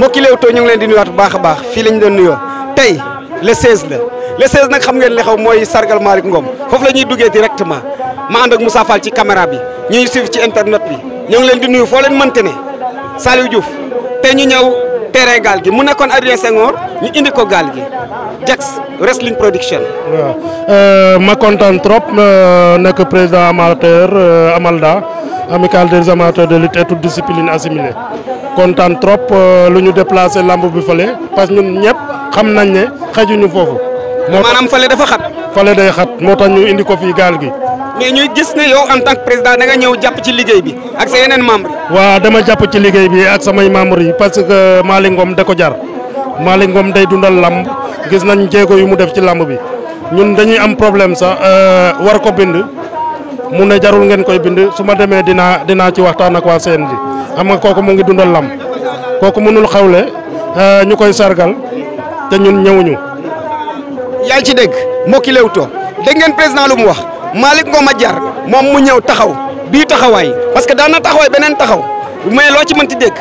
mbokki Leewtoo ñu leen di nuyuwaat bu baax baax fii lañ doon nuyoo tey le 16 la le 16 nag xam ngeen li xew mooy sargal Malick Ngom foofu la ñuy duggee directement ma ànd ak Moussa Fall ci caméra bi ñu ngi suivre ci internet bi ñoo ngi leen di nuyu foo leen mënte ne Saliou Diouf tey ñu ñëw terrain gaal gi mu nekkoon Adrien Senghor ñu indi ko gaal gi Jax wrestling production. waaw euh, ma kontaan trop euh, nekk président amateur euh, Amalda. amicale des amateurs de lutte et toutes disciplines assimilées kontaan trop euh, lu ñu déplacé lamb bi fële parce que ñun ñëpp xam nañ ne xajuñu foofu. moo maanaam fële dafa xat. fële day xat moo tax ñu indi ko fii gaal gi. mais ñuy gis ne yow en tant que président da ñëw jàpp ci liggéey bi ak sa yeneen membres. waaw dama jàpp ci liggéey bi ak samay membres yi parce que Malick Ngom da ko jar Malick Ngom day dundal lamb gis nañ jéego yi mu def ci lamb bi ñun dañuy am problème sax euh, war ko bind. mu ne jarul ngeen koy bind su ma demee dinaa dinaa ci waxtaan ak waa CNG xam nga kooku mu ngi dundal lam kooku mënul xawle eh, ñu koy sargal te ñun ñëwuñu. yaa ci dégg mbokki Leewtoo dégg ngeen président lu mu wax Malick Ngom a jar moom mu ñëw taxaw bii taxawaay parce que daan na taxawaay beneen taxaw mais loo ci mënti dégg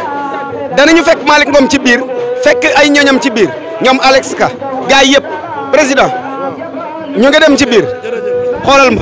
danañu fekk Malick Ngom ci biir fekk ay ñoñam ci biir ñoom Alex Ka gars yëpp président ñu ngi dem ci biir xoolal ma.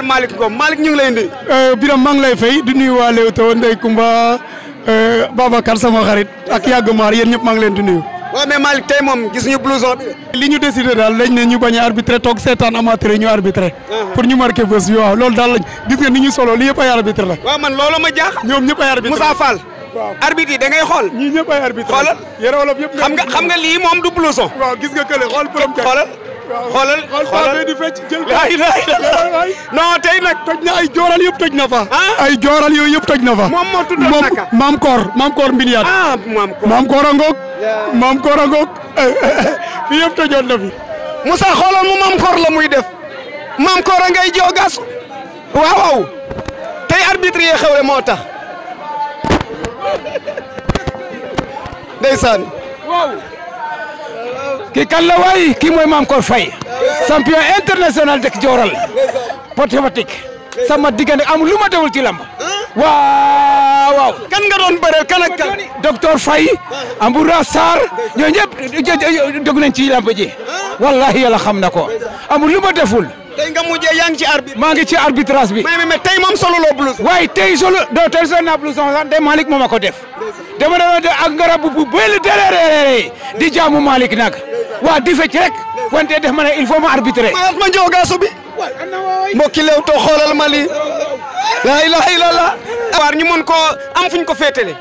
ziar Malick Ngom Malick ñu ngi lay nuyu. Euh, Birame maa ngi lay fay di nuyu waa Leewtoo Ndeye Kumba euh, Babacar sama xarit ak yàgg maar yéen ñëpp maa ngi leen di nuyu. waaw mais Malick tey moom gis ñu blouson bi. li ñu décidé daal lañ ñu bañ a toog seetaan amateur ñu arbitré. Uh-huh. pour ñu marqué bés waaw loolu daal lañ gis nga ni ñu solo li yëpp arbitre la. waaw man loolu ma jaax. ñoom ñëpp arbitre Moussa Fall. waaw arbitre yi xool. ñii ñëpp arbitre xoolal yore wolof yëpp. xam xam nga lii xoolal xoolal tey nag toj na ay jooral yëpp toj na fa ah? ay jooral yooyu yëpp toj na fa moom moo tudd naka maam koor maam koor mbiniyaan ah maam koor maam koor a ngoog maam koor a ngoog fi yëpp na fi Moussa xoolal mu maam koor la muy def maam koor a ngay joogas waaw waaw tey arbitre yee xewle moo tax ndeysaan waaw ki kan la waay kii mooy Mame Kor Faye champion international dëkk Dioral porte Fatick sama diggante am lu ma dewul ci lamb waaw waaw kan nga doon bëreel kan ak kan docteur Faye Amboura Sarr ñoo ñëpp dog nañ ci lamb ji wallahi yàlla xam na ko amul lu ma deful tey nga mujjee yaa ngi ci arbitre maa ngi ci arbitrage bi mais mais tey moom solo loo blouse tey solo doo tey solo naa blouse sax de Malick moo ma ko def dama dama ak ngarab bu bëri déréré di jaamu Malick nag waa di fecc rek wante def ma ne il faut ma arbitrer. maa ma jox gaasu bi mbokki to xoolal ma lii laa ilaaha illallaah. waar ñu mën ko am fuñ ko féetale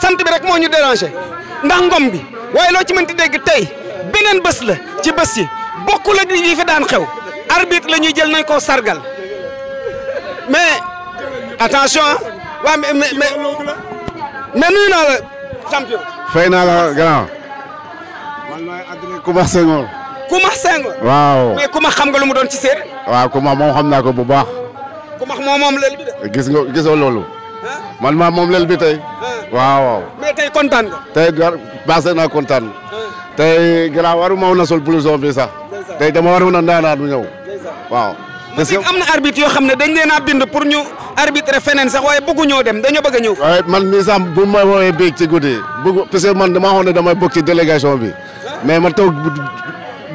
sant bi rek moo ñu déranger ndax ngom bi waaye loo ci mënti dégg tey beneen bés la ci bés yi bokkul ak yi fi daan xew. arbitre la ñuy jël nañ koo sargal mais attention waa mais mais. mais nuyu naa la champion. fay naa la grand. man maay Adrien Coumba waaw mais Coumba xam nga lu mu doon ci séeréer. waaw Coumba moom xam naa ko bu baax. Coumba moom moom lël bi gis nga gisoo loolu. man maa bi tey. waaw waaw. mais tey kontaan tey gar naa kontaan. tey grand waru ma na sol blouson bi sax. tey dama waroon a ndaanaan bu ñëw. parce que am na arbitre yoo xam ne dañ leen a bind pour ñu arbitre feneen sax waaye bëggu ñoo dem dañoo bëgg ñëw. man mii sax bu ma ci guddi bëggu parce man damaa xoon damay bokk ci délégation bi mais ma toog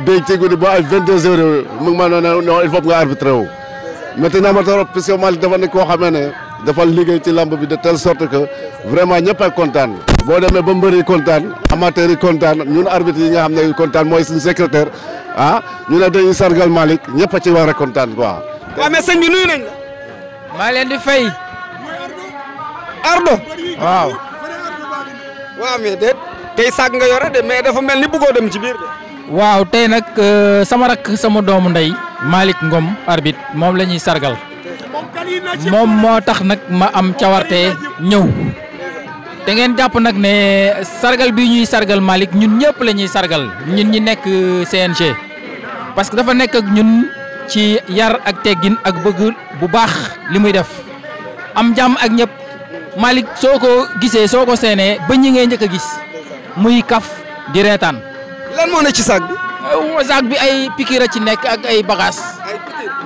béeg ci guddi ba ay 22 heures mu ngi ma ne non il faut nga arbitré wu. maintenant ma trop parce que man dafa xamee ne dafa liggéey ci lamb bi de telle sorte que vraiment ñëpp ay kontaan. boo demee ba mbër yi kontaan amateur yi kontaan ñun arbitre yi nga xam ne kontaan mooy suñu secrétaire ah ñu ne sargal Malick ñëpp a ci war a kontaan quoi. waaw mais sëñ bi nuyu nañ maa leen di fay. Ardo. waaw. waaw mais tey saag nga yore de mais dafa mel ni bëggoo dem ci biir de. waaw tey nag euh, sama rakk sama doomu ndey maalik Ngom arbitre moom la ñuy sargal. moom moo tax nag ma am cawarte ñëw. da ngeen jàpp nag ne sargal bi ñuy sargal Malick ñun ñëpp lañuy ñuy sargal ñun ñi nekk CNG parce que dafa nekk ak ñun ci yar ak teggin ak bëgg bu baax li muy def am jàmm ak ñëpp Malick soo ko gisee soo ko seenee ba ñi ngay njëkk a gis muy kaf di reetaan. lan moo ne ci saag bi. saag bi ay pikira ci nekk ak ay bagages.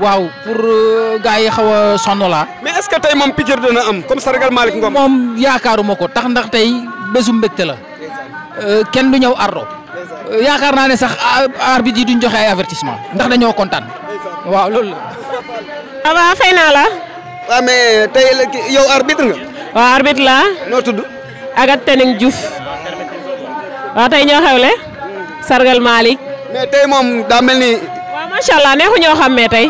waaw pour euh, gars yi xaw a sonn laa. mais est ce que tey moom picc dana am comme sargal Malick moom yaakaaruma ko tax ndax tey bésu mbégte la. Euh, kenn du ñëw ardo euh, yaakaar naa ne sax arbitre yi duñ joxe ay avertissement ndax dañoo kontaan. waaw loolu la. waaw ah fay naa la. waaw ah, mais tey yow arbitre nga. waaw arbitre la noo tudd. Agat Tening Diouf. waaw tey ñoo xewle. sargal Malick. tey moom daa mel ni. waaw macha allah neexu ñoo xàmmee tey.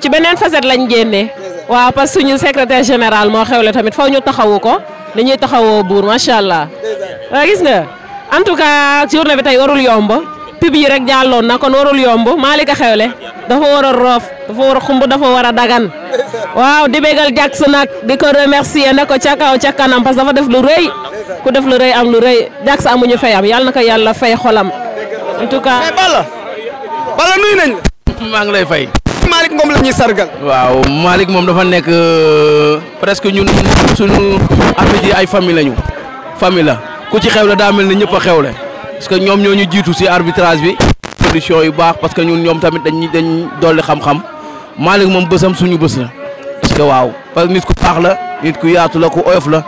ci beneen facette lañ génnee. waaw parce que suñu secrétaire général moo xew le tamit foo ñu taxawu ko dañuy taxawoo buur macha allah. waa gis nga en tout cas ci journée bi tey warul yomb. pub yi rek jàlloon na kon warul yomb Malick a xewle dafa war a roof dafa war a xumb dafa war a dagan waaw di bégal Jackson nag di ko remercier na ko ca kaw ca kanam parce que dafa def lu rëy ku def lu rëy am lu rëy Jackson amuñu fayam yàlla na ko yàlla fay xolam en tout cas. mais Balla nañ ngi lay fay. Malick Ngom la ñuy sargal. waaw Malick moom dafa nekk euh, presque ñun suñu affaire yi ay famille lañu famille la ku ci xewle daa mel ni ñëpp xew le parce que ñoom ñoo ñu jiitu si arbitrage bi. condition yu baax parce que ñun ñoom tamit dañ dañ dolli xam-xam Malick moom bësam suñu bës la. parce que waaw parce que nit ku baax la nit ku yaatu la ku oyof la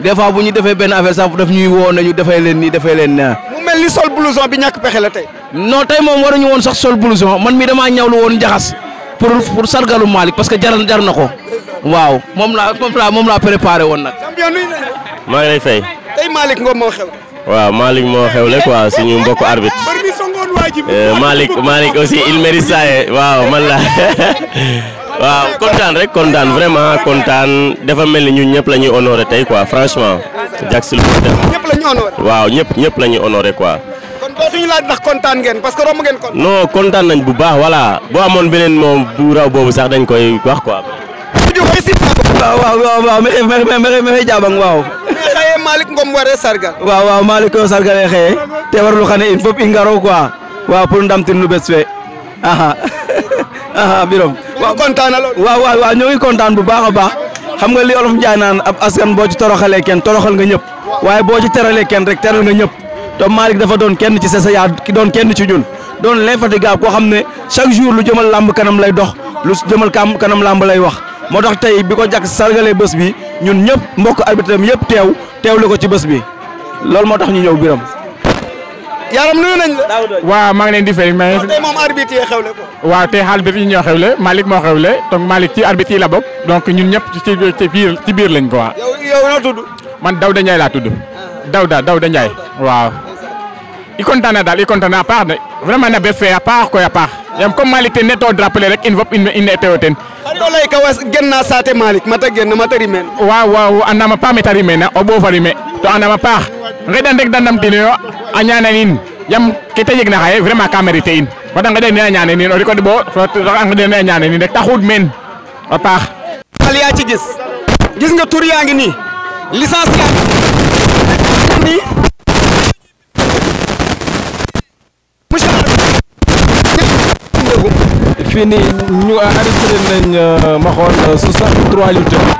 des fois bu ñu defee benn affaire sax daf ñuy woo nañu defee leen nii defee leen naa. mu mel ni sol blouson bi ñàkk pexe la tey. non tey moom ñu woon sax sol blouson man mi damaa ñawlu woon njaxas. pour pour sargalu Malick parce que jaral jar na ko waaw moom laa moom laa moom laa préparé woon nag. maa ngi lay fay. tey Malick Ngom moo xew. waaw Malick moo xewle quoi suñu mbokku arbitre. Eh, Malick aussi il mérite ça eh. waaw man la waaw kontaan rek kontaan vraiment kontaan dafa mel ni ñun ñëpp lañuy ñuy honoré tey quoi franchement. jax lu ko waaw ñëpp ñëpp la ñuy honoré quoi. suñu laaj ndax kontaan parce que romb ngeen kontaan. non bu baax voilà boo amoon beneen moom bu boobu sax dañ koy wax quoi. waaw waaw waaw waaw mi xëy mi xëy jaabang waaw. xëy Malick Ngom ko eh, ngaro quoi waaw pour ndamtir nu bés fe birom waaw kontaan na loolu waaw waaw kontaan bu baax a baax xam nga li olof Njaay naan ab askan boo ci toroxalee kenn toroxal nga ñëpp waaye boo ci teralee kenn rek teral nga ñëpp te Malick dafa doon kenn ci Sesaya ki doon kenn ci ñun doon l'infatigable koo xam ne chaque jour lu jëmal làmb kanam lay dox lu jëmal kanam làmb lay wax moo tax tey bi ko jàkk sargalee bés bi ñun ñëpp mbokk arbitre am yëpp teew teewle ko ci bés bi loolu moo tax ñu ñëw biram yaram nuyu nañ la. maa ngi leen di fay mais. waaw tey moom arbitre yi xewle ko. waaw tey arbitre yi ñoo xewle Malick moo xewle donc Malick ci arbitre yi la bokk donc ñun ñëpp ci ci biir ci biir lañ ko waa. yow yow noo tudd. man Dawda Ndiaye laa tudd. Ah. Dawda Dawda i content daal i content a paax de vraiment na bes fe a paax koy a paax yaam comme Malick ten ne to rappeler rek in fop in eteyo ten genna saate Malick mata genna rimeen waaw waaw andaam a paax meta rimeena o ɓoof a rime to andaam a paax ngeɗan rek da ndamtinoyo a ñaanan in yaam ke ta xaye vraiment ka mérité in fat a ngeɗa ne a ñaane o riko ɗeɓo a ngeɗa ne a ñaane rek ta xuud meen a paax xal yaa gis gis nga tur yaa ngi nii ngi fii nii ñu arrêté nañ euh, ma xool 63 euh, lutteurs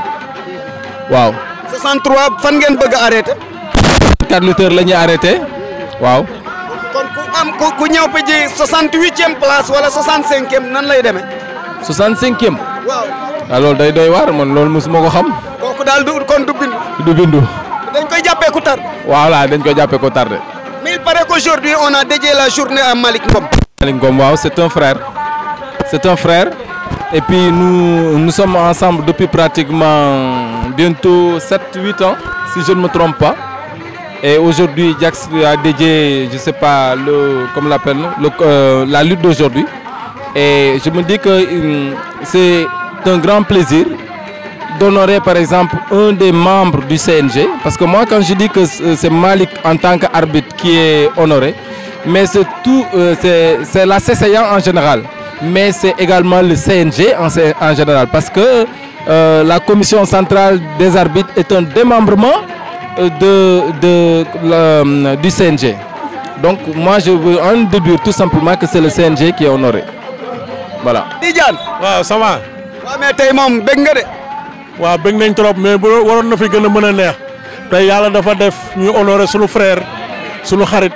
waaw. 63 fan ngeen bëgg a arrêté. 4 lutteurs la ñuy arrêté waaw. kon ku am ku ñëw ba ji 68e place wala 65e nan lay demee. 65e. waaw. waaw ah, loolu day doy waar man loolu mosuma ko xam. kooku daal du kon du bindu. du bindu. dañ koy jàppee ku tardé. voilà dañ koy jàppee ku tardé. mais il paraît qu'aujourd'hui on a dédié la journée à Malick Ngom. Malick Ngom waaw c'est un c'est un frère. Et puis nous, nous sommes ensemble depuis pratiquement bientôt 7-8 ans, si je ne me trompe pas. Et aujourd'hui, Jax a dédié, je sais pas, le, comme l'appelle, euh, la lutte d'aujourd'hui. Et je me dis que euh, c'est un grand plaisir d'honorer par exemple un des membres du CNG. Parce que moi, quand je dis que c'est Malik en tant qu'arbitre qui est honoré, mais c'est tout, euh, c'est la CCA en général. mais c'est également le CNG en, en général. Parce que euh, la commission centrale des arbitres est un démembrement euh, de, de, le, euh, du CNG. Donc moi, je veux en déduire tout simplement que c'est le CNG qui est honoré. Voilà. Tidiane waaw ça va. waaw tey moom bëgg nga de. waaw bëgg nañ trop mais bu waroon na fi gën a mën a neex tey yàlla dafa def ñu honoré sunu frère sunu xarit.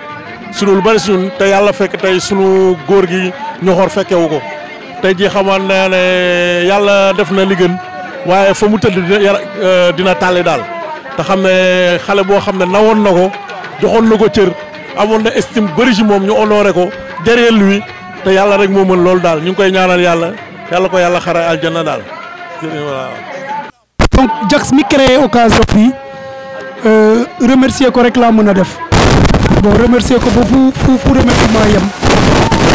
sunu lu bari si ñun te yàlla fekk tey sunu góor gi ñoxoor fekkewu ko tey jii xamoon na ne yàlla def na li gën waaye fa mu tëdd euh, dina tàlli daal te xam ne xale boo xam ne nawoon na ko joxoon na ko cër amoon na estime bari si moom ñu honoré ko derrière wi te yàlla rek moo mën loolu daal ñu ngi koy ñaanal yàlla yàlla ko yàlla xara aljanna daal donc Jax mi créé occasion bi euh, remercier ko rek laa mën a def bon remercier ko ba fu fu fu remerciement yem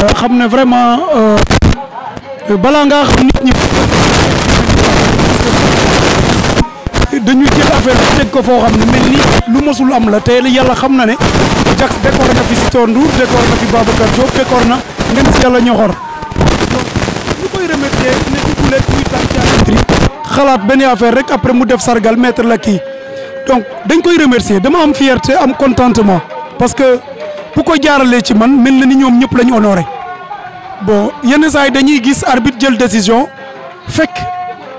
euh, xam ne vraiment euh, balaa ngaa xam nit ñi dañuy jël affaire bi teg ko foo xam ne mel ni lu mosul am la te yàlla xam na ne Jax décoré na fi Sitor Ndour décoré fi Babacar Diop décoré na si yàlla ñoxor ñu koy remercier ne duggulee kuy tànn xalaat benn affaire rek après mu def sargal maître la kii donc dañ koy remercier dama am fierté am contentement parce que bu ko jaaralee ci man mel na ni ñoom ñëpp la ñu honoré bon yenn saa yi dañuy gis arbitre jël décision fekk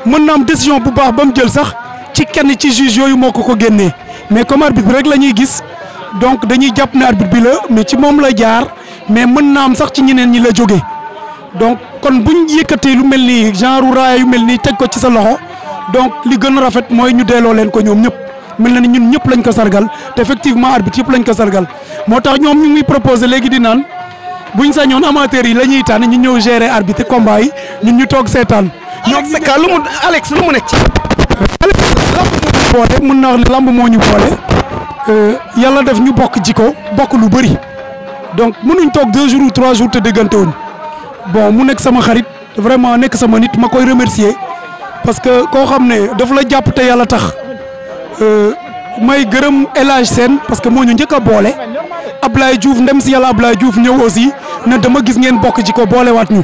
mën na am décision bu baax ba mu jël sax ci kenn ci juge yooyu moo ko ko génnee mais comme arbitre bi rek la ñuy gis donc dañuy jàpp ne arbitre bi la mais ci moom la jaar mais mën na am sax ci ñeneen ñi la jógee donc kon buñ yëkkatee lu mel nii genre raaya yu mel nii teg ko ci sa loxo donc li gën a rafet mooy ñu delloo leen ko ñoom ñëpp. mel na ni ñun ñëpp lañ ko sargal te effectivement arbitre yëpp lañ ko sargal moo tax ñoom ñu ngi proposé léegi di naan buñ sañoon amateur yi la ñuy tànn ñu ñëw gérer arbitre combat yi ñun ñu toog seetaan. ñoom ñu nekk lu mu Alex lu mu nekk ci. Alex wax ne lamb moo ñu boole euh, yàlla def ñu bokk jiko bokk lu bëri donc mënuñ toog deux jours ou trois déggante woon bon mu nekk sama xarit vraiment nekk sama nit ma koy remercier parce que koo xam ne daf la jàpp te yàlla tax. Euh, may gërëm El Hadj parce que moo ñu njëkk a boole Ablaye Diouf ndem si yàlla Ablaye Diouf ñëw aussi na dama gis ngeen bokk ci ko boolewaat ñu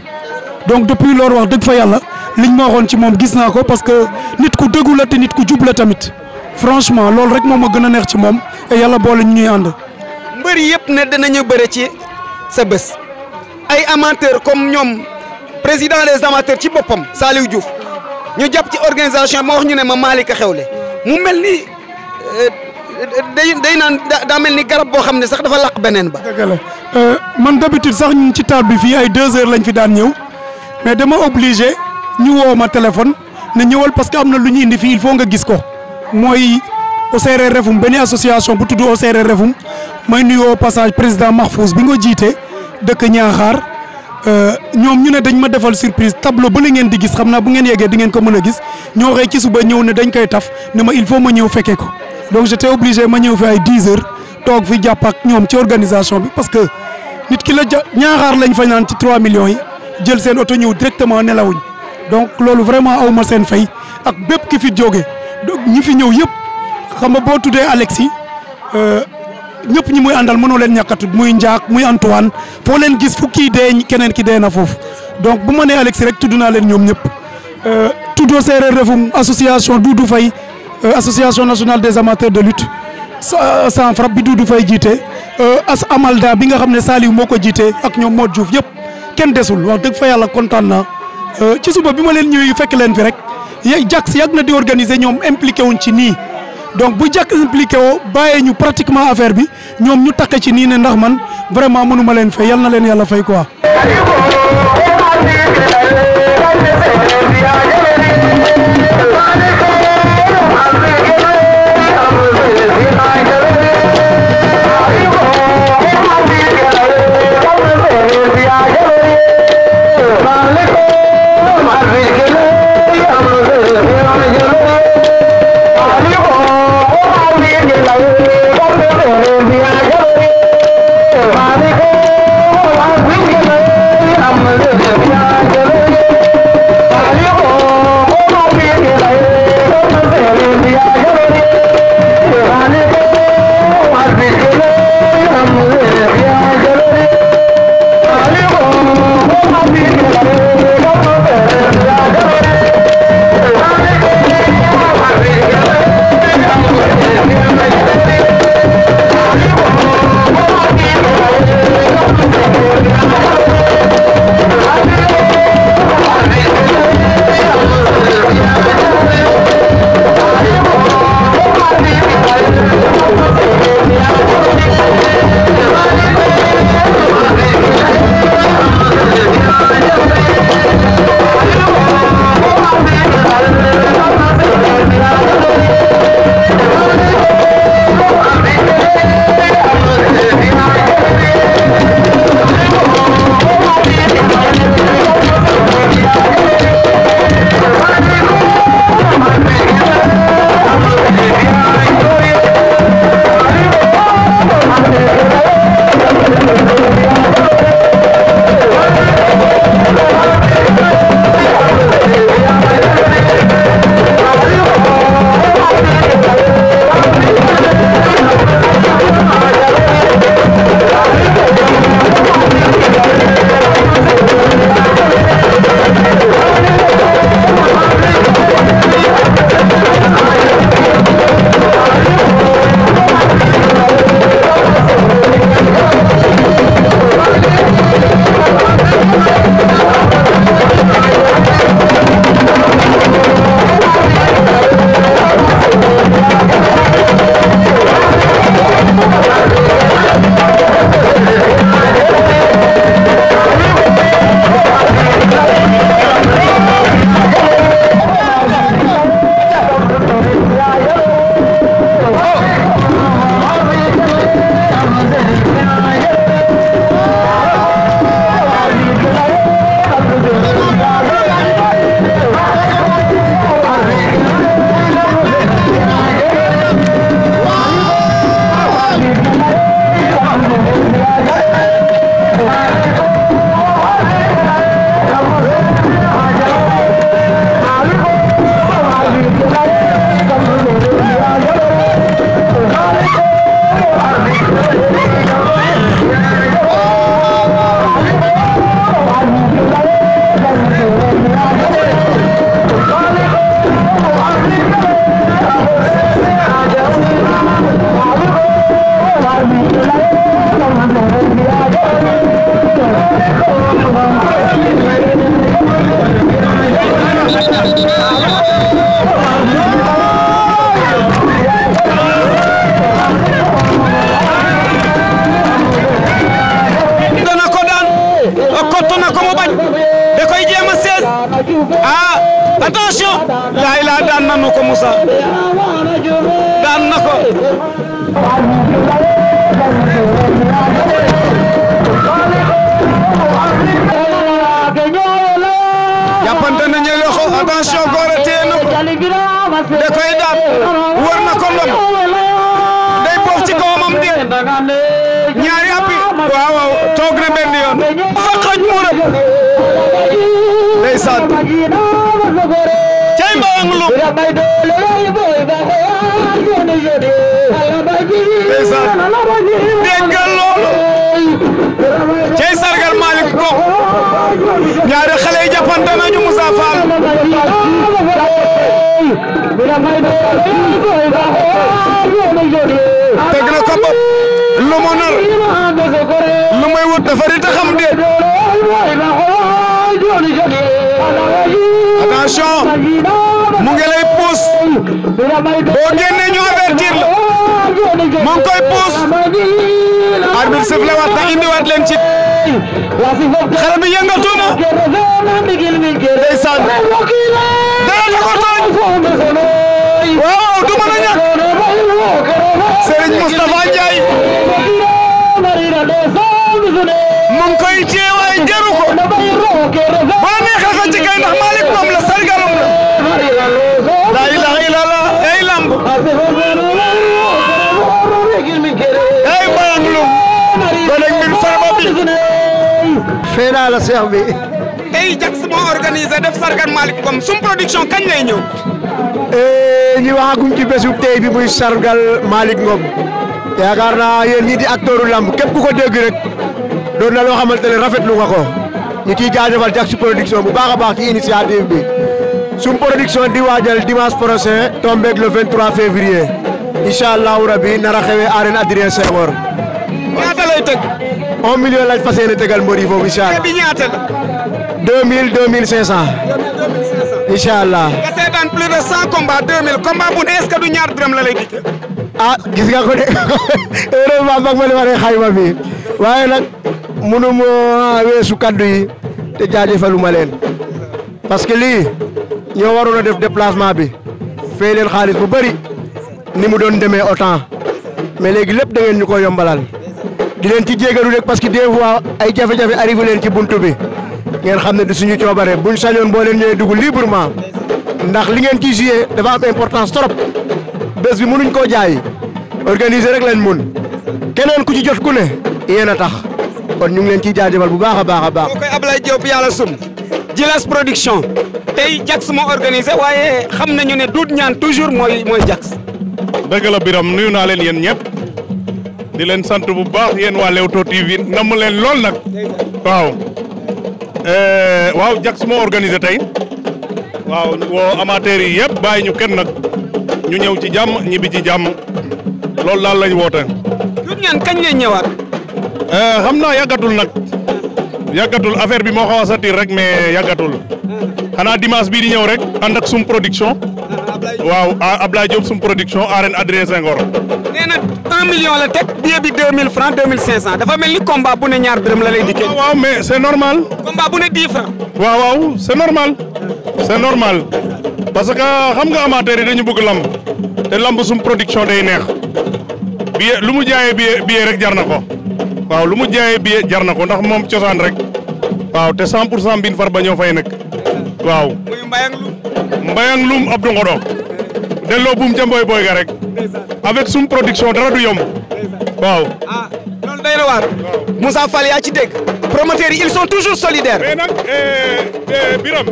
donc depuis loolu wax dëgg fa yàlla liñ ma waxoon ci moom gis naa ko parce que nit ku dëggu la te nit ku jub la tamit franchement loolu rek moom ma gën a neex ci moom et yàlla boole ñu ñuy ànd. mbër yëpp ne danañu bëre ci sa bés ay amateurs comme ñoom président des amateurs ci boppam Saliou Diouf ñu jàpp ci organisation ma wax ñu ne ma Malick a xewle. mu mel ni eh, day day naan daa mel ni garab boo xam ne sax dafa laq beneen ba. la euh, man d'habitude sax ñun ci taal bi fii ay deux heures lañ fi daan ñëw mais dama obligé ñu woo ma téléphone na ñëwal parce que am na lu ñu indi fii il faut nga gis ko mooy. OCRR Refum benn association bu tudd OCRR Refum may nuyoo passage président Mahfouz bi nga jiitee dëkk Niakhar Euh, ñoom ñu ne dañ ma defal surprise tableau ba la ngeen di gis xam naa bu ngeen yeggee di ngeen ko mën a gis ñoo xëy ci suba ñëw ne dañ koy taf ne ma il faut ma ñëw fekkee ko donc j'étais obligé ma ñëw fi ay 10 heures toog fi jàpp ak ñoom ci organisation bi parce que nit ki la ja ñaaxaar lañ fa naan ci 3 millions yi jël seen oto ñëw directement nelawuñ donc loolu vraiment aw ma seen fay ak bépp ki fi jóge ñi fi ñëw yëpp xam nga boo tuddee Alexis euh, ñëpp ñi muy àndal mënoo leen ñàkk a tudd muy Ndiak muy Antoine foo leen gis fu kii dee keneen ki dee na foofu donc bu ma nee Alexis rek tudd naa leen ñoom ñëpp. Euh, tuddoo séeréer refum association du du fay euh, association nationale des amateurs de lutte euh, sans frappe bi du du fay jiite as Amalda bi nga xam ne Saliou moo ko jiite ak ñoom moo Diouf yëpp kenn desul wax dëgg fa yàlla kontaan naa ci suba bi ma leen ñëwee fekk leen fi rek yay Jax yàgg na di organiser ñoom impliqué wuñ ci nii. donc bu jàkk impliqué woo bàyyee ñu pratiquement affaire bi ñoom ñu takk ci nii ne ndax man vraiment mënuma leen fay yal na leen yàlla fay quoi. teg na ko bopp lu mu nar lu may wut dafa di taxam de attention mu ngi puus boo génnee ñu avertir la mu koy puus arbitre sifle waat na indiwaat leen ci xale bi yëngatu na ndeysaan dara la ko toj waaw du mën a ñàkk Serigne Moustapha Ndiaye mu ngi koy téye waaye jaru ko wala neexal ko ci kay ndax Malick moom la sargalam la la ilaha illallah ay lamb ay mbaam lu ba léegi ñun farma bi. naa la seex bi. tey Jax moo organisé def sargal Malick Ngom sum production kañ lay ñëw. Eh, ñu waxaguñ ci bésub tey bi muy sargal Malick Ngom yaakaar naa yéen ñii di acteuru lamb képp ku ko dégg rek doon na loo xamante ne rafetlu nga ko ñu ciy jaajëfal Jax production bu baax a baax ci initiative bi sum production di waajal dimanche prochain tombeeg le 23 février incha allahu rabi nar a xewee arène Adrien Senghor ngay tëgg. 1 million lañ fas yéene tëggal mbër yi foofu incha allah. bi ñaata la. 2000 2500. 2500 incha allah. nga seetaan plus de 100 combats 2000 combat bu la lay dikk. ah de heureusement mag ma li ma ne xayma bi waaye nag munu ma weesu kaddu yi te jaajëfaluma leen parce que lii ñoo waroon def déplacement bi fay leen xaalis bu bëri ni mu doon demee autant mais léegi lépp da ngeen ñu ko yombalal. di leen ci jégalu rek parce que des fois ay jafe-jafe arrivé leen ci buntu bi ngeen xam ne du suñu coobare buñ sañoon boo leen ñëwee dugg librement ndax li ngeen ci joué dafa am importance trop bés bi mënuñ koo jaay organiser rek leen mun keneen ku ci jot ku ne yéen a tax kon ñu ngi leen ciy jaajëfal bu baax a baax a baax. kooku Ablaye Diop yàlla sum Djilass production tey Jax moo organisé waaye xam nañu ne duut ñaan toujours mooy mooy Jax. dëgg la Biram nuyu naa leen yéen ñëpp. di leen sant bu baax yéen waa Leewtoo TV namm leen lool nag waaw eh, waaw Jax moo organisé tey waaw woo amateurs yi yëpp bàyyi ñu kenn nag ñu ñëw ci jàmm ñibbi ci jàmm loolu daal lañ woote. ñun ngeen kañ ngeen ñëwaat. Eh, xam naa yàggatul nag yàggatul affaire bi moo xaw rek mais yàggatul ah. xanaa dimanche bii di ñëw rek ànd ak sum production. waaw Abdoulaye Diop sum production arène Adrien Senghor. nee na 1 million la teg billet bi 2000 dafa mel ni combat bu ne ñaar dërëm la lay dikkee. waaw waaw mais c'est normal. combat bu ne 10 francs. waaw waaw c'est normal. c'est normal parce que xam nga amateur yi dañu bëgg lamb te lamb sum production day neex billet lu mu jaayee billet billet rek jar na ko waaw lu mu jaayee billet jar na ko ndax moom cosaan rek waaw te 100 pour cent mbin far ba ñoo fay nekk waaw. muy delloo buum ca mboy boy ga rek. avec suñu production dara du yomb. waaw. ah loolu yaa ci dégg. promoteurs yi ils sont toujours solidaires. mais nag eh, eh, Biram.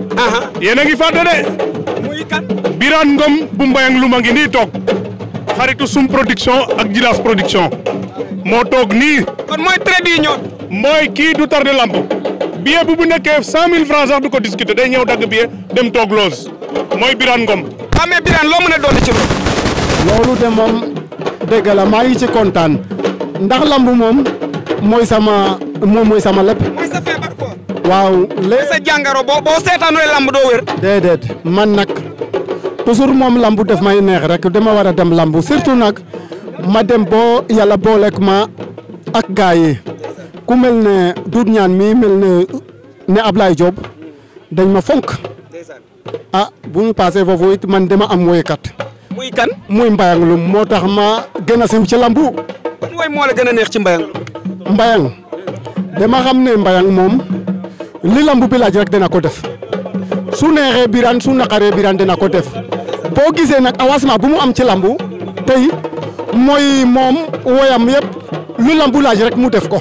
yéen a ngi fàtte de. muy kan. Birane Ngom lu nii toog. xaritu sum production ak Djilas production. moo toog nii. kon mooy trait bi ñoom. mooy kii du tardé lamp. billet bu bu nekkee cent mille francs sax du ko discuter day ñëw dagg billet dem toog loos mooy Birane Ngom. amee loo mën a doon ci loolu. de moom dëgg maa ngi ci kontaan ndax lamb moom mooy sama moom mooy sama lépp. mooy waaw léegi sa jàngaro boo boo seetaanoo lamb doo wér. déedéet man nag toujours moom lamb def may neex rek dama war a dem lamb surtout nag ma dem boo yàlla booleeg ma ak gars yi ku mel ne Doudou Niane mii mel ne ne Ablaye Diop dañ ma fonk. a ah, bu mu passé foofu it man dama am woykat. muy kan muy Mbayang Loum moo tax ma gën a siiw ci lambu. mooy moo gën a neex ci Mbayang. Mbayang dama xam ne Mbayang moom li lambu bi laaj rek dana ko def su neexee biraan su naqaree biraan dana ko def boo gisee nag avancement bu mu am ci lambu tey mooy moom woyam yëpp lu lambu laaj rek mu def ko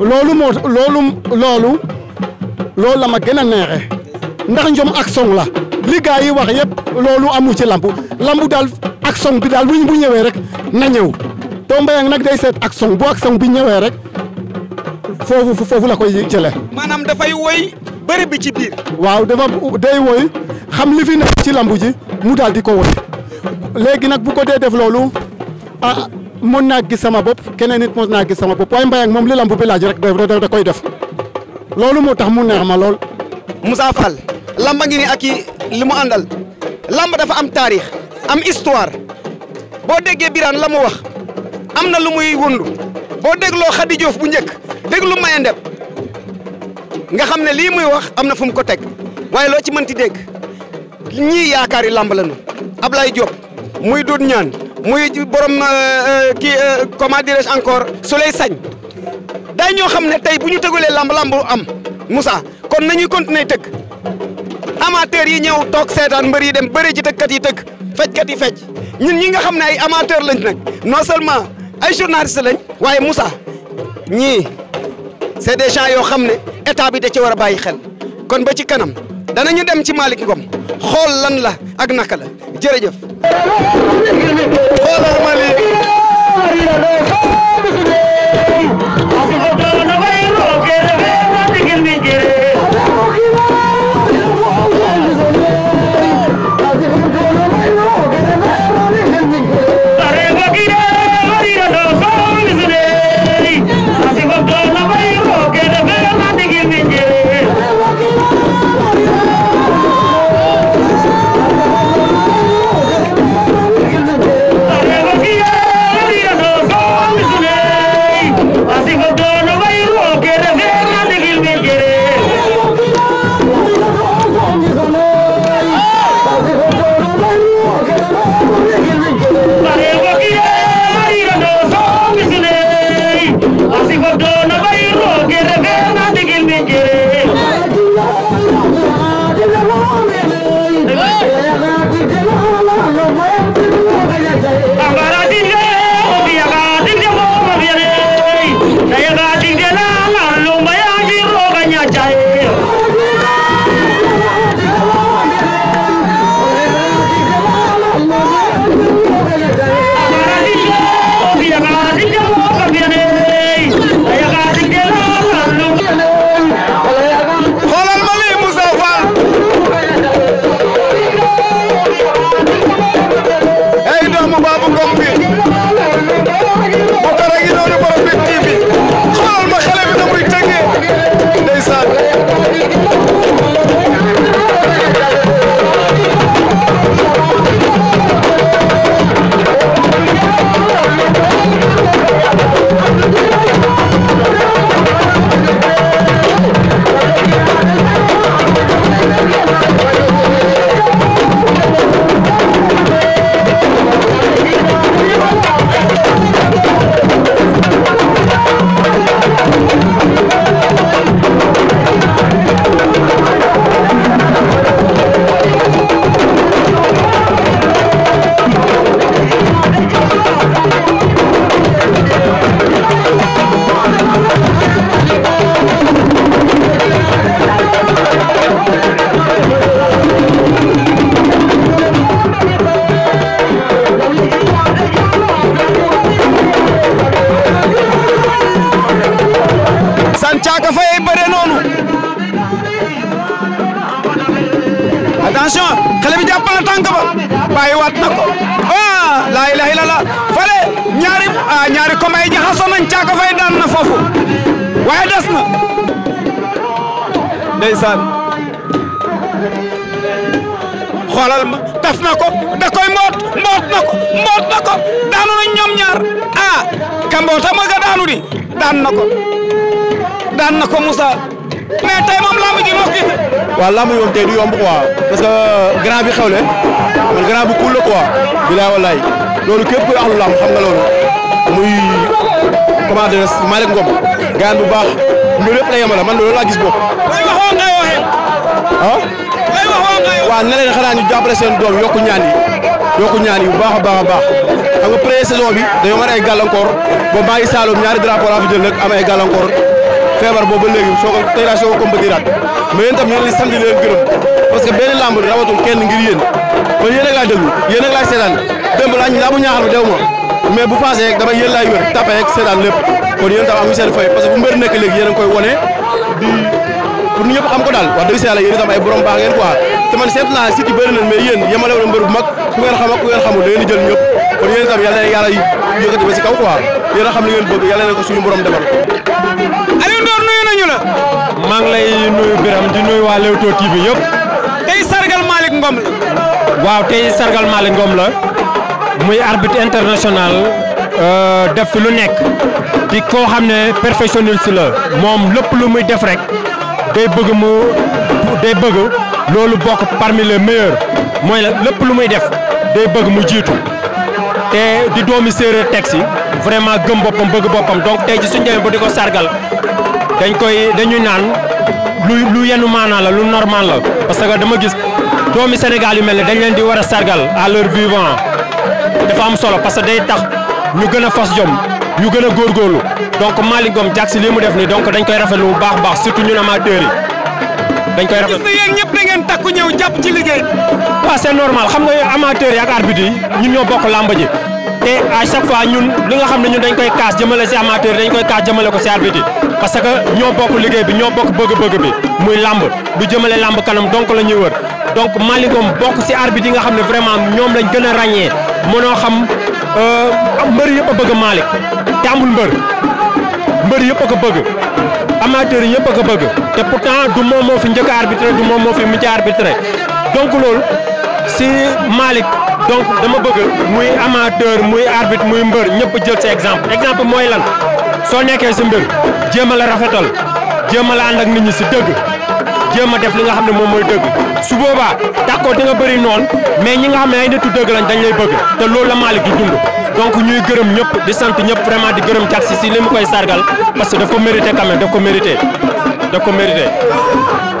loolu moo loolu loolu loolu la ma gën a neexee. ndax njom ak song la li gaa yi wax yëpp loolu amu ci lamb lamb daal ak song bi daal bu ñëwee rek na ñëw to mbayang nag day seet ak song bu ak song bi ñëwee rek foofu foofu la koy jële maanaam dafay woy bari bi ci biir. waaw dafa day woy xam li fi nekk ci lamb ji mu daal di ko woy léegi nag bu ko dee def loolu ah mën naa gis sama bopp keneen nit mën naa gis sama bopp waaye mbayang moom li lamb bi laaj rek da koy def loolu moo tax mu neex ma lool. Moussa Fall. lamba ngi ni ak li mu àndal lamba dafa am taarix am histoire boo déggee Birane la mu wax am na lu muy wundu boo dégloo Khady Diouf bu njëkk déglu Maye Ndeb nga xam ne lii muy wax am na fu mu ko teg waaye loo ci mënti dégg ñii yaakaari làmb lañu Ablaye Diop muy Doudou Niane muy borom euh, euh, kii euh, comment dirais encore Souley Sagne day ñoo xam ne tey bu ñu tëgalee làmb làmb am Moussa kon nañuy continuer tëgg amateur yi ñëw toog seetaan mbër yi dem bëri ci tëkkat yi tëkk feckat yi fecc ñun ñi nga xam ne ay amateur lañ nag non seulement ay journaliste lañ waaye musa ñii c'est des gens yoo xam ne état bi da ci war a bàyyi xel kon ba ci kanam danañu dem ci Malick Ngom xool lan la ak naka la jërëjëf xoolal ma taf na ko da koy mboot na ko mboot na ko daanu na ñoom ñaar ah ka mbootam ga daanu di daan na ko daan na ko Moussa mais tey moom lamb ji moo gis. waaw lamb ji moom tey du yomb quoi parce que euh, grand bi xewle man grand bu cool la quoi bilaay wallaay loolu képp kuy axlu xam nga loolu muy comment dire Malick Ngom gaan bu baax mbir yëpp la yemale man loolu laa gis bopp. ah. waaw ne leen xanaa ñu jàppale seen doom yokku ñaan yi yokku baax a baax a baax xam nga pré saison bi dañoo war ay gàllankoor boobu maa ñaari drapeau laa jël nag am ay gàllankoor feebar boobu ba léegi tey laa soo ko compétiraat mais tam ñu ngi leen sant di leen gërëm parce que ngir yéen man yéen rek laa déglu yéen rek laa seetaan démb laa laa mu ma mais bu passé rek damay yéen laay wër tapé rek seetaan lépp pour ñu ñëpp xam ko daal wax dëgg si yàlla yéen itam ay borom baax ngeen quoi te man seet naa site yi bëri nañ mais yéen yemale woon mbër bu mag ku ngeen xam ku ngeen xamul da ngeen di jël ñëpp kon yéen itam yàlla na yàlla yëkkati ba si kaw quoi yéen a xam li ngeen bëgg yàlla na ko suñu borom defal Aliou Ndour nuyu nañu la maa ngi lay nuyu Biram di nuyu waa Leewtoo TV yëpp tey sargal Malick Ngom la waaw tey sargal Malick Ngom la muy arbitre international euh, def fi lu nekk di koo xam ne perfectionniste la moom lépp lu muy def rek day bëgg mu day bëgg loolu bokk parmi les meilleurs mooy la lépp lu muy def day bëgg mu jiitu te di doomi séeréer teg si vraiment gëm boppam bëgg boppam donc tey ci suñ demee ba di ko sargal dañ koy dañuy naan lu lu yenu maanaa la lu normal la parce que dama gis doomi Sénégal yu mel ni dañ leen di war a sargal à leur vivant dafa am solo parce que day tax ñu gën a fas jom yu gën a góorgóorlu donc Malick Ngom Jax lii mu def nii donc dañ koy rafetlu bu baax baax surtout ñun amateurs yi dañ koy rafetlu. gis na yéen ñëpp da ngeen takku ci liggéey. waaw c'est xam nga amateurs yi ak arbitre yi ñun ñoo bokk làmb ji te fois ñun li nga xam ne ñun dañ koy kaas jëmale si amateur dañ koy kaas jëmale ko si arbitre yi parce que ñoo bokk liggéey bi ñoo bokk bëgg-bëgg bi muy làmb du jëmale làmb kanam donc la ñuy wër donc Malick Ngom bokk si arbitre yi nga xam ne vraiment ñoom lañ gën a ràññee mënoo xam euh, mbër yëpp a bëgg Malick te amul mbër mbër yëpp a ko bëgg amateur yëpp a ko bëgg te pourtant du moom moo fi njëkk a arbitré du moom moo fi mujj a arbitré donc loolu si Malick donc dama bëgg muy amateur muy arbitre muy mbër ñëpp jël sa exemple exemple mooy lan soo nekkee si mbër jéem a la rafetal jéem a la ànd ñi si dëgg. jéem a def li nga xam ne moom mooy dëgg su boobaa d'accord di nga bëri noonu mais ñi nga xam ne ay nitu dëgg lañ dañ lay bëgg te loolu la Malick di dund donc ñuy gërëm ñëpp di sant ñëpp vraiment di gërëm Jax si li mu koy sargal parce que daf ko mérité quand même daf ko mérité daf ko mérité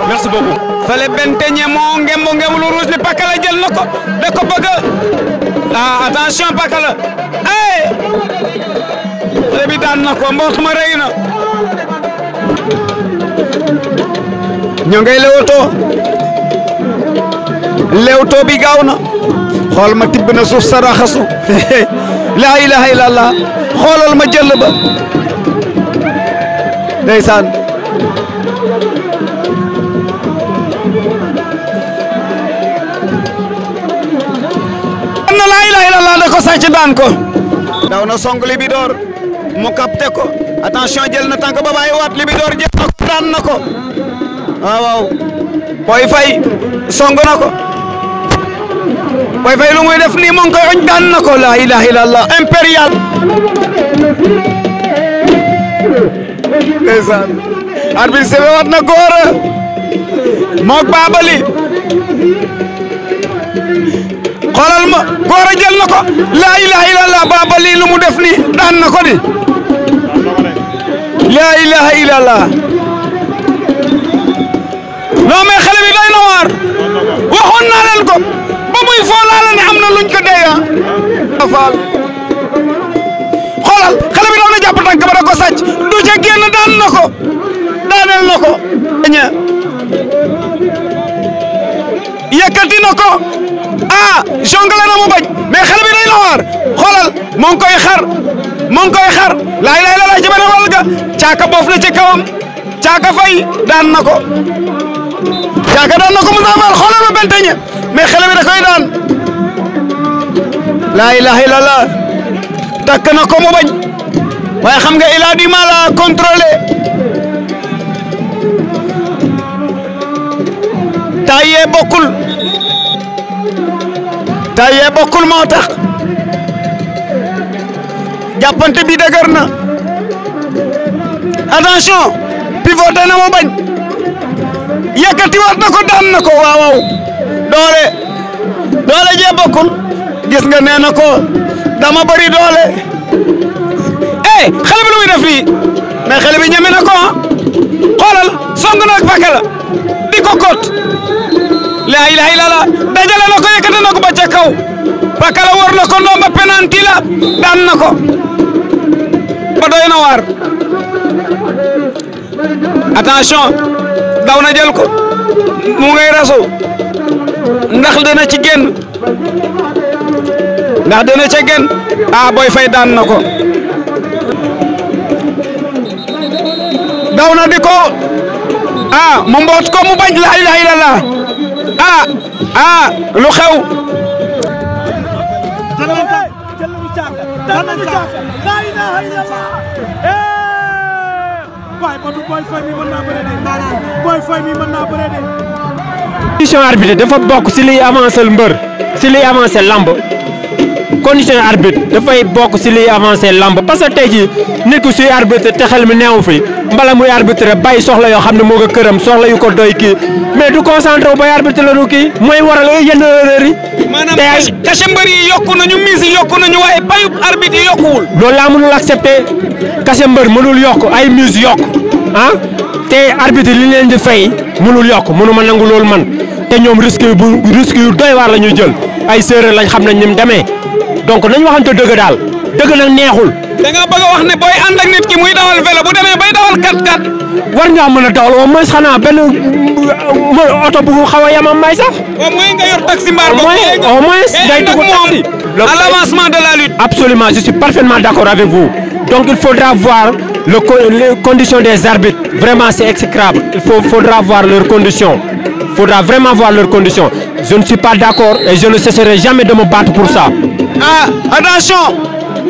merci beaucoup. fële benn teñe moo ngembo ngemblu rouge bi Pakala jël na ko da ko bëgg ah attention Pakala ay xale bi daan na ko mboq ma rëy na. ñoo ngay leewtoo leewtoo bi gaaw na xool ma tibb na suuf saraxasu laa ilaha illallah xoolal ma jël ba ndeysaan na laa ilaha illallah da ko sàcc daan ko daw na song li bi door mu capté ko attention jël na tànk ba bàyyi waat li jël na ko daan na ko waaw waaw Boy ko Boy Faye lu def nii mu koy roñ daan na ko la ilaha illallah impérial ndeysaan arbitre sebe wat na góor moog baabali xoolal ma góor jël na ko la ilaha illallah baabali lu mu def nii daan na ko di la ilaha illallah non mais xale bi doy na waar waxoon naa leen ko ba muy foo ne am na luñ ko dee ah. xoolal xale bi daw na jàpp tànk ba da ko sàcc du ca génn daan na ko daaneel na ko. yëkkati na ko ah jongle na mu bañ mais xale bi day na waar xoolal mu koy xar mu koy xar laay laay la laay ci beneen ga caaka boof na ci kawam caaka fay daan na ko. Caaka daan na ko Moussa Fall xoolal ma benn teñe mais xale bi da koy daan laa ilaha illallah na ko mu bañ waaye xam nga il a du mal à contrôler taayee bokkul taayee bokkul moo tax jàppante bi dëgër na attention pivoté mu bañ. yëkkati waat na ko daan na ko waawaw doole doole jee bokkul gis nga nee na ko dama bëri doole eh xale bi lu muy def nii mais ko ah. xoolal song na ak la di ko kot laa ilaaha illallaah dajale na ko yëkkati na ko ba ca kaw pake la war na ko ndomba penanti na ko ba doy na waar daw na jël ko mu ngay rasu ndax dana ci génn ndax dana ca génn ah Boy Faye daan na ko daw na di ko ah mu mboot ko mu bañ laa ilaaha illallaah ah ah lu xew laa ilaaha illallaah contre Boy Faye mi condition arbitre dafa bokk si liy avancé mbër si liy avancé lamb condition arbitre dafay bokk si liy avancé lamb parce que tey jii nit ku suy arbitre te xel mi neew fi mbala muy arbitre bàyyi soxla yoo xam ne moo ko këram soxla yu ko doy kii mais du concentré wu bay arbitre la kii mooy waral yenn erreur yi. maanaam cachet mbër yi yokku nañu mise yi nañu waaye payu arbitre yokkuwul. loolu laa mënul accepté cachet mënul yokk ay mise yokk ah te arbitre li leen di fay mënul yokk mënuma nangu loolu man te ñoom risque bu risque yu doy waar la ñuy jël ay séeréer lañ xam nañ ni demee donc nañ waxante dëgg daal dëgg nag neexul. da nga bëgg a wax ne booy ànd ak nit ki muy dawal vélo bu demee bay dawal kat kat. war ngaa mën a dawal au xanaa benn euh, oto bu xaw a yamam may sax. au moins nga yor taxi mbaar ba. au moins day eh, dugg taxi. à de la lutte. absolument je suis parfaitement d'accord avec vous donc il faudra le condition des arbitres vraiment c'est exécrable il faut faudra voir leurs conditions faudra vraiment voir leurs conditions je ne suis pas d'accord et je ne cesserai jamais de me pour ça. Ah, attention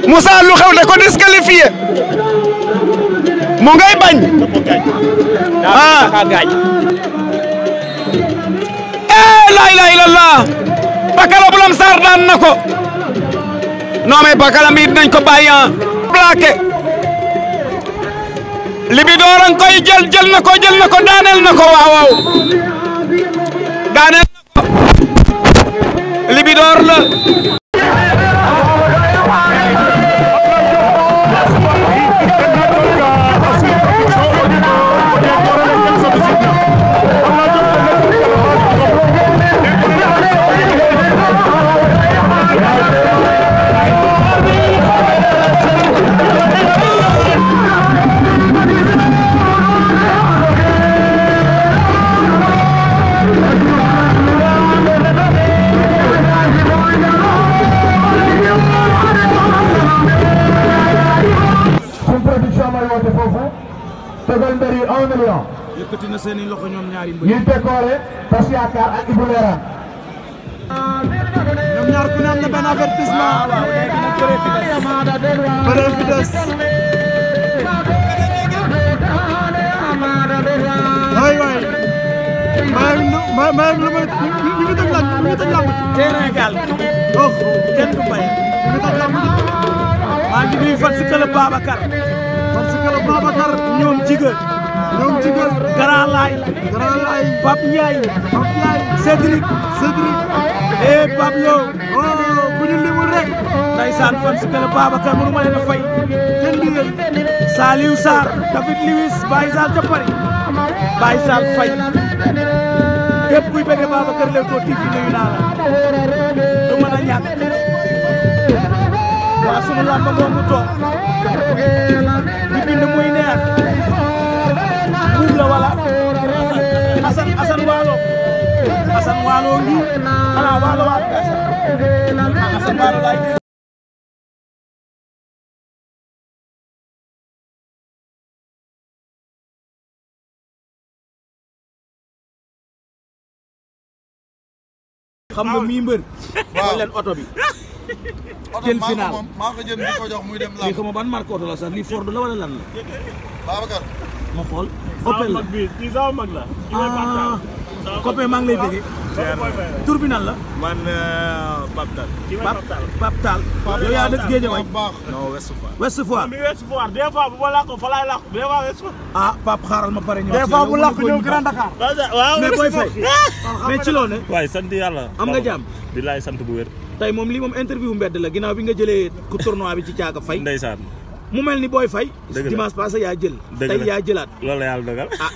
Moussa lu xew da ko disqualifié mu bañ. ah eh laa ilaaha illallaah Pakala Boulom Sarr daan na ko non mais Pakala mi dinañ ko bàyyi ah. Libidor a ngi koy jël jël na ko jël na ko daaneel na ko waaw waaw daaneel na ko Libidor la ndeysaan fan si kële Babacar mënu ma leen a fay kenn di leen Saliou Sarr David Lewis Baye Sarr ca Paris fay képp kuy bëgg Babacar Leewtoo TV nuyu naa la du mën a ñàkk waa sunu làmb moomu toog di bind muy neex buub la wala Assane Assane Waalo Assane Waalo ngi xanaa Waalo waat Assane Waalo laay xam nga mii mbër. waaw leen oto bi. jël final oto maa ko jël ban marque oto la sax lii Ford la wala lan la. Babacar. ma xool. Opel la mag bi kii sama mag la. copain maa ngi lay déggee. tur bi la. man euh, Pape Tall. kii mooy Pape Tall Pape Tall. yow yaa dëkk Guédiawaye. non West Foire. West Foire mi West bu ma làkk fa laay làkk des fois West ah, bu làkk ñëw Grand Dakar. waaw mais booy fay mais ci loolu. waaye sant yàlla. am nga jàmm di laay sant bu wér. tey moom lii moom interview mbedd la ginnaaw bi nga jëlee tournoi bi ci caaga fay. ndeysaan. mu mel ni booy fay. dimanche passé yaa jël. tey yaa jëlaat. loolu la yàlla dogal. ah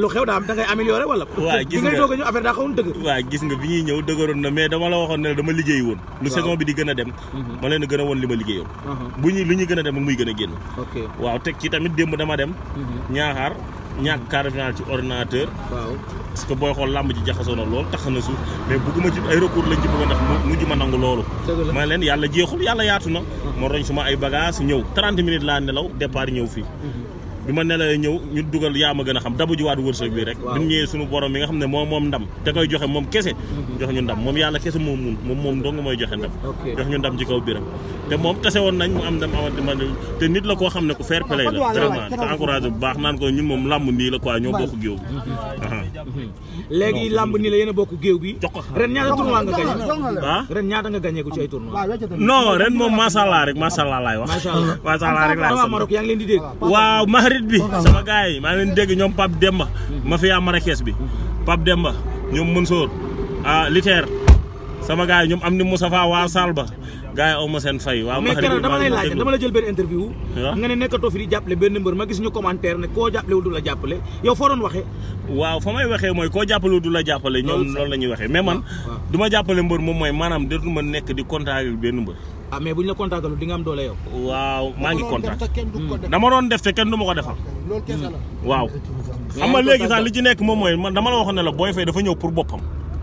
lu xew daam da ngay amélioré wala. waaw gis nga bi ngay doog a ñëw affaire daa xawoon dëgër. waaw gis nga bi ñuy ñëw dëgëroon na mais dama la waxoon ne dama liggéey woon. lu saison bi di gën a dem. Mhm. ma leen a gën a woon li ma liggéeyoon. Mhm. bu ñuy lu ñuy gën a dem muy gën a génn. waaw teg ci tamit démb dama dem. Mhm. ñaaxaar. ñàkk carte finale ci ordinateur. waaw parce que booy xool làmb ji jaxasoo na lool tax na suuf mais bugguma ci ay recours lañ ci bëgg a def mu mujj ma nangu loolu. ma leen yàlla jeexul yàlla yaatu na. moo mm-hmm. roñ suma ay bagages ñëw 30 minutes laa nelaw départ ñëw fii. Mm-hmm. bi ma ne la ñëw ñu dugal yaa ma gën a xam dabu jiwaat wërsëg bi rek bi ñëwee suñu borom mi nga xam ne moom moom ndam te koy joxe moom kese mhm. jox ñu ndam moom yàlla kese moom mun ndam te nit la koo xam ne ku fair play la vraiment te encouragé bu baax naan ko ñun moom làmb nii la quoi ñoo bokk géew bi mhm. Mhm. léegi làmb nii la a bokk géew bi ren ah? ko ci ay ren moom macha allah wax macha allah waaw xarit bi yi maa leen dégg ñoom Pape Demba ma fi yaa Marrakech bi Pape Demba ñoom Mansour ah Litaire sama gars ñoom am ni Moustapha waa Salba gars yi aw ma seen fay. waaw mais keroog dama laaj dama la jël benn interview. nga ne nekkatoo fi di jàppale benn mbër ma gis ñu commentaire ne koo jàppalewul du la jàppale yow foo doon waxee. waaw fa may waxee mooy koo jàppalewul du la jàppale. ñoom loolu la ñuy waxee man. du ma jàppale mbër moom mooy maanaam dootu ma nekk di contact ak benn mbër. ah mais bu ñu la contacté di nga am doole yow. waaw maa ngi contact dama doon def te kenn du ma ko defal. waaw xam léegi sax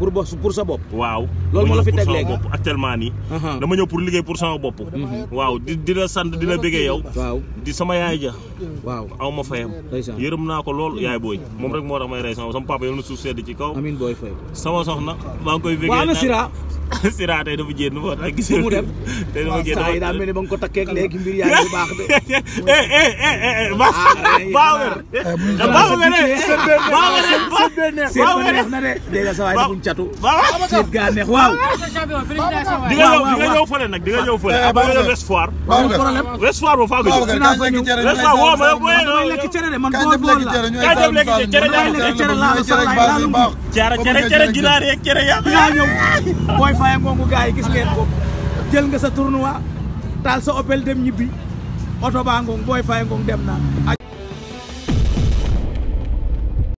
pour pour sa bopp. waaw loolu moo la fi teg léegi bopp actuellement nii. Uh-huh. dama ñëw pour liggéey pour sama bopp. waaw di di la sant di la bëggee yow. waaw di sama yaay ja. waaw fayam. yërëm naa ko lool yaay booy. Mm-hmm. moom rek moo tax may rey sama sama papa yow sedd ci kaw. sama soxna maa ngi koy bëggee. waaw Sira tey dafa jéem moo tax gis. mu dem waaw saa yi daa mel ni ba nga ko takkee léegi mbir yaa ngi baax de. waaw di nga ñëw di nga ñëw fële nag di nga ñëw fële. ba nga def espoir. waaw espoir ba faa ko jóg. dinaa fa ñëw espoir woo ma yow. damay lekk cere de man boo bool la. kaay dem lekk cere cere laa la soxla laa la. cere cere ginaar yeeg cere yaa. dinaa ñëw booy Faye ngoongu gars yi gis ngeen ko jël nga sa tournoi taal sa Opel dem ñibbi oto baa ngoong booy Faye dem na